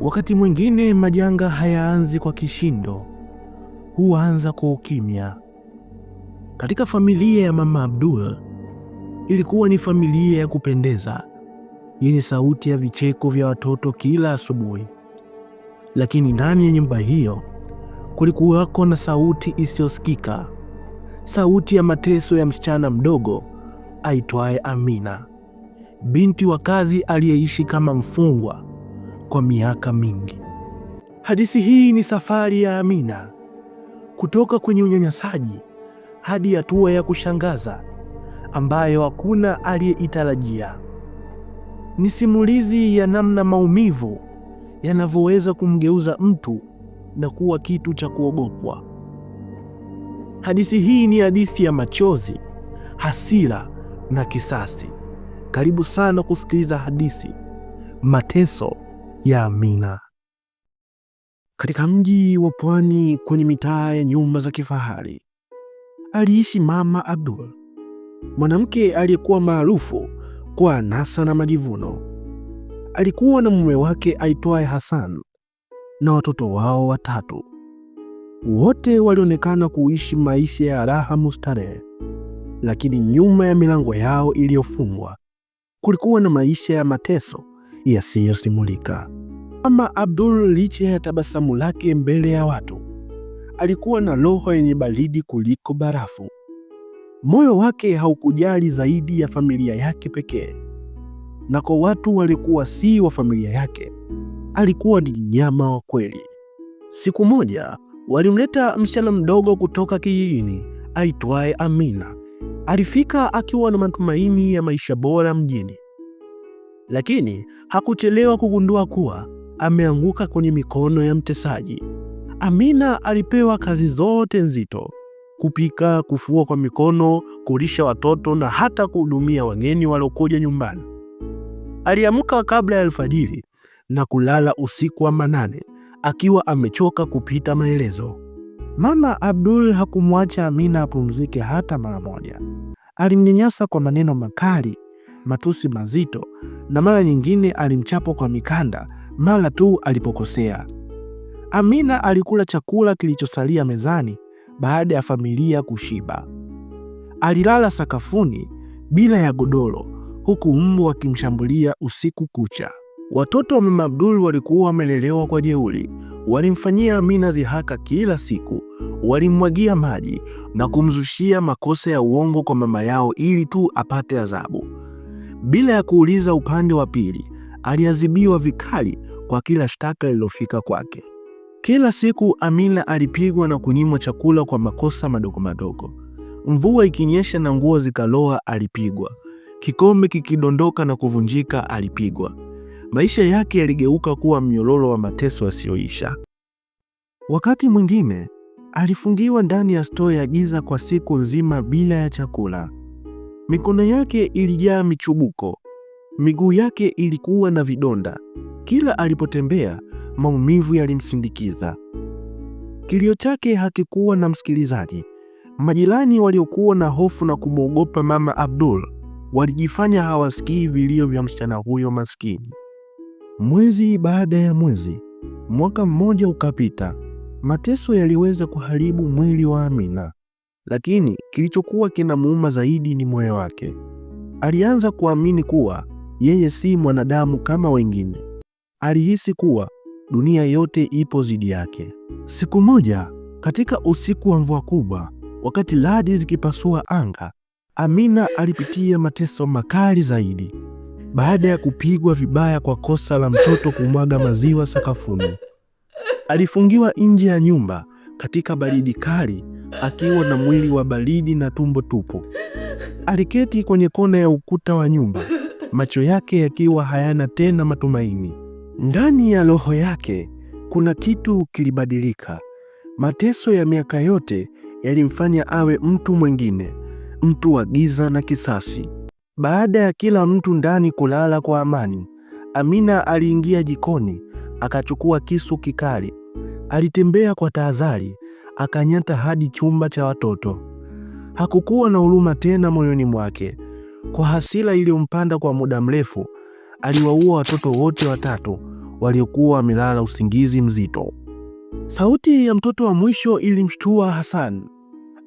Wakati mwingine majanga hayaanzi kwa kishindo, huanza kwa ukimya. Katika familia ya Mama Abdul, ilikuwa ni familia ya kupendeza yenye sauti ya vicheko vya watoto kila asubuhi, lakini ndani ya nyumba hiyo kulikuwako na sauti isiyosikika sauti ya mateso ya msichana mdogo aitwaye Amina, binti wa kazi aliyeishi kama mfungwa kwa miaka mingi. Hadithi hii ni safari ya Amina kutoka kwenye unyanyasaji hadi hatua ya kushangaza ambayo hakuna aliyeitarajia. Ni simulizi ya namna maumivu yanavyoweza kumgeuza mtu na kuwa kitu cha kuogopwa. Hadithi hii ni hadithi ya machozi, hasira na kisasi. Karibu sana kusikiliza hadithi Mateso ya Amina. Katika mji wa pwani kwenye mitaa ya nyumba za kifahari aliishi Mama Abdul, mwanamke aliyekuwa maarufu kwa anasa na majivuno. Alikuwa na mume wake aitwaye Hassan na watoto wao watatu. Wote walionekana kuishi maisha ya raha mustarehe, lakini nyuma ya milango yao iliyofungwa kulikuwa na maisha ya mateso yasiyosimulika. ama Abdul, licha ya tabasamu lake mbele ya watu, alikuwa na roho yenye baridi kuliko barafu. Moyo wake haukujali zaidi ya familia yake pekee, na kwa watu walikuwa si wa familia yake, alikuwa ni nyama wa kweli. Siku moja walimleta msichana mdogo kutoka kijijini aitwaye Amina. Alifika akiwa na matumaini ya maisha bora mjini, lakini hakuchelewa kugundua kuwa ameanguka kwenye mikono ya mtesaji. Amina alipewa kazi zote nzito: kupika, kufua kwa mikono, kulisha watoto na hata kuhudumia wageni waliokuja nyumbani. Aliamka kabla ya alfajiri na kulala usiku wa manane akiwa amechoka kupita maelezo. Mama Abdul hakumwacha Amina apumzike hata mara moja. Alimnyanyasa kwa maneno makali, matusi mazito, na mara nyingine alimchapa kwa mikanda mara tu alipokosea. Amina alikula chakula kilichosalia mezani baada ya familia kushiba. Alilala sakafuni bila ya godoro, huku mbwa akimshambulia usiku kucha. Watoto wa mama Abdul walikuwa wamelelewa kwa jeuri. Walimfanyia Amina zihaka kila siku, walimwagia maji na kumzushia makosa ya uongo kwa mama yao ili tu apate adhabu. Bila ya kuuliza upande wa pili, aliadhibiwa vikali kwa kila shtaka lililofika kwake. Kila siku Amina alipigwa na kunyimwa chakula kwa makosa madogo madogo. Mvua ikinyesha na nguo zikaloa, alipigwa. Kikombe kikidondoka na kuvunjika, alipigwa. Maisha yake yaligeuka kuwa mnyororo wa mateso asiyoisha. Wakati mwingine alifungiwa ndani ya stoo ya giza kwa siku nzima bila ya chakula. Mikono yake ilijaa michubuko, miguu yake ilikuwa na vidonda. Kila alipotembea maumivu yalimsindikiza. Kilio chake hakikuwa na msikilizaji. Majirani waliokuwa na hofu na kumwogopa Mama Abdul walijifanya hawasikii vilio vya msichana huyo maskini. Mwezi baada ya mwezi, mwaka mmoja ukapita. Mateso yaliweza kuharibu mwili wa Amina, lakini kilichokuwa kinamuuma zaidi ni moyo wake. Alianza kuamini kuwa yeye si mwanadamu kama wengine. Alihisi kuwa dunia yote ipo zidi yake. Siku moja katika usiku wa mvua kubwa, wakati radi zikipasua anga, Amina alipitia mateso makali zaidi baada ya kupigwa vibaya kwa kosa la mtoto kumwaga maziwa sakafuni. Alifungiwa nje ya nyumba katika baridi kali akiwa na mwili wa baridi na tumbo tupu. Aliketi kwenye kona ya ukuta wa nyumba, macho yake yakiwa hayana tena matumaini. Ndani ya roho yake kuna kitu kilibadilika. Mateso ya miaka yote yalimfanya awe mtu mwingine, mtu wa giza na kisasi. Baada ya kila mtu ndani kulala kwa amani, Amina aliingia jikoni, akachukua kisu kikali. Alitembea kwa tahadhari, akanyata hadi chumba cha watoto. Hakukuwa na huruma tena moyoni mwake. Kwa hasira iliyompanda kwa muda mrefu, aliwaua watoto wote watatu waliokuwa wamelala usingizi mzito. Sauti ya mtoto wa mwisho ilimshtua Hassan.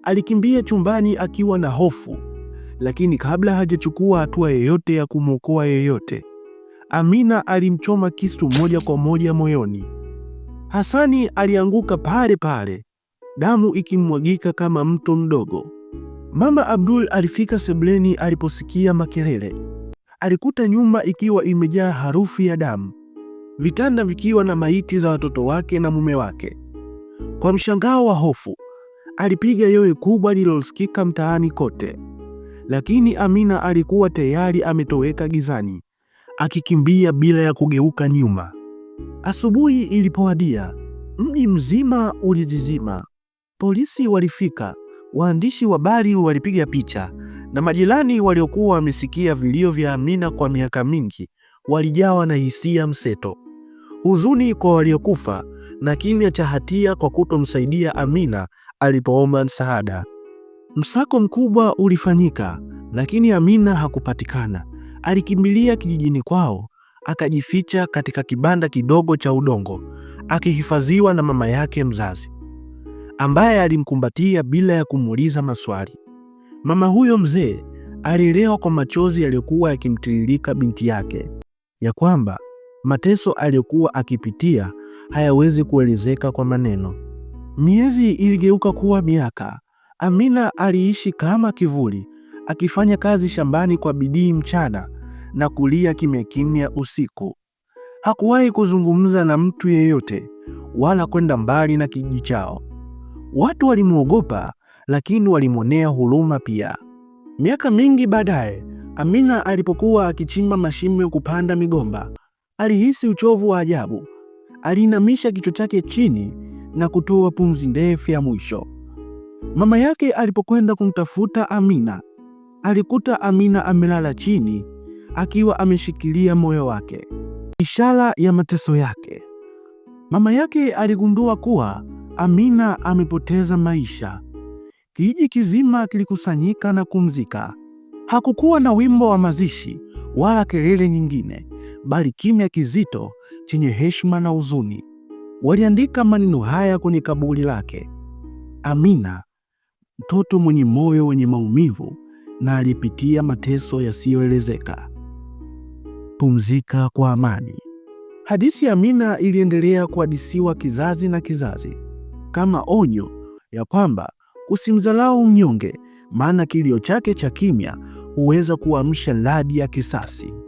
Alikimbia chumbani akiwa na hofu lakini kabla hajachukua hatua yoyote ya kumwokoa yeyote, Amina alimchoma kisu moja kwa moja moyoni. Hasani alianguka pale pale, damu ikimwagika kama mto mdogo. Mama Abdul alifika sebleni aliposikia makelele. Alikuta nyumba ikiwa imejaa harufu ya damu, vitanda vikiwa na maiti za watoto wake na mume wake. Kwa mshangao wa hofu, alipiga yowe kubwa lililosikika mtaani kote lakini Amina alikuwa tayari ametoweka gizani, akikimbia bila ya kugeuka nyuma. Asubuhi ilipowadia, mji mzima ulizizima Polisi walifika, waandishi wa habari walipiga picha, na majirani waliokuwa wamesikia vilio vya Amina kwa miaka mingi walijawa na hisia mseto, huzuni kwa waliokufa na kimya cha hatia kwa kutomsaidia Amina alipoomba msaada. Msako mkubwa ulifanyika, lakini Amina hakupatikana. Alikimbilia kijijini kwao, akajificha katika kibanda kidogo cha udongo, akihifadhiwa na mama yake mzazi, ambaye alimkumbatia bila ya kumuuliza maswali. Mama huyo mzee alielewa kwa machozi yaliyokuwa yakimtiririka binti yake, ya kwamba mateso aliyokuwa akipitia hayawezi kuelezeka kwa maneno. Miezi iligeuka kuwa miaka, Amina aliishi kama kivuli, akifanya kazi shambani kwa bidii mchana na kulia kimya kimya usiku. Hakuwahi kuzungumza na mtu yeyote wala kwenda mbali na kijiji chao. Watu walimwogopa, lakini walimwonea huruma pia. Miaka mingi baadaye, Amina alipokuwa akichimba mashimo ya kupanda migomba, alihisi uchovu wa ajabu. Aliinamisha kichwa chake chini na kutoa pumzi ndefu ya mwisho. Mama yake alipokwenda kumtafuta Amina, alikuta Amina amelala chini akiwa ameshikilia moyo wake, ishara ya mateso yake. Mama yake aligundua kuwa Amina amepoteza maisha. Kijiji kizima kilikusanyika na kumzika. Hakukuwa na wimbo wa mazishi wala kelele nyingine, bali kimya kizito chenye heshima na huzuni. Waliandika maneno haya kwenye kaburi lake: Amina, mtoto mwenye moyo wenye maumivu na alipitia mateso yasiyoelezeka. Pumzika kwa amani. Hadithi ya Amina iliendelea kuhadisiwa kizazi na kizazi kama onyo ya kwamba usimdharau mnyonge, maana kilio chake cha kimya huweza kuamsha radi ya kisasi.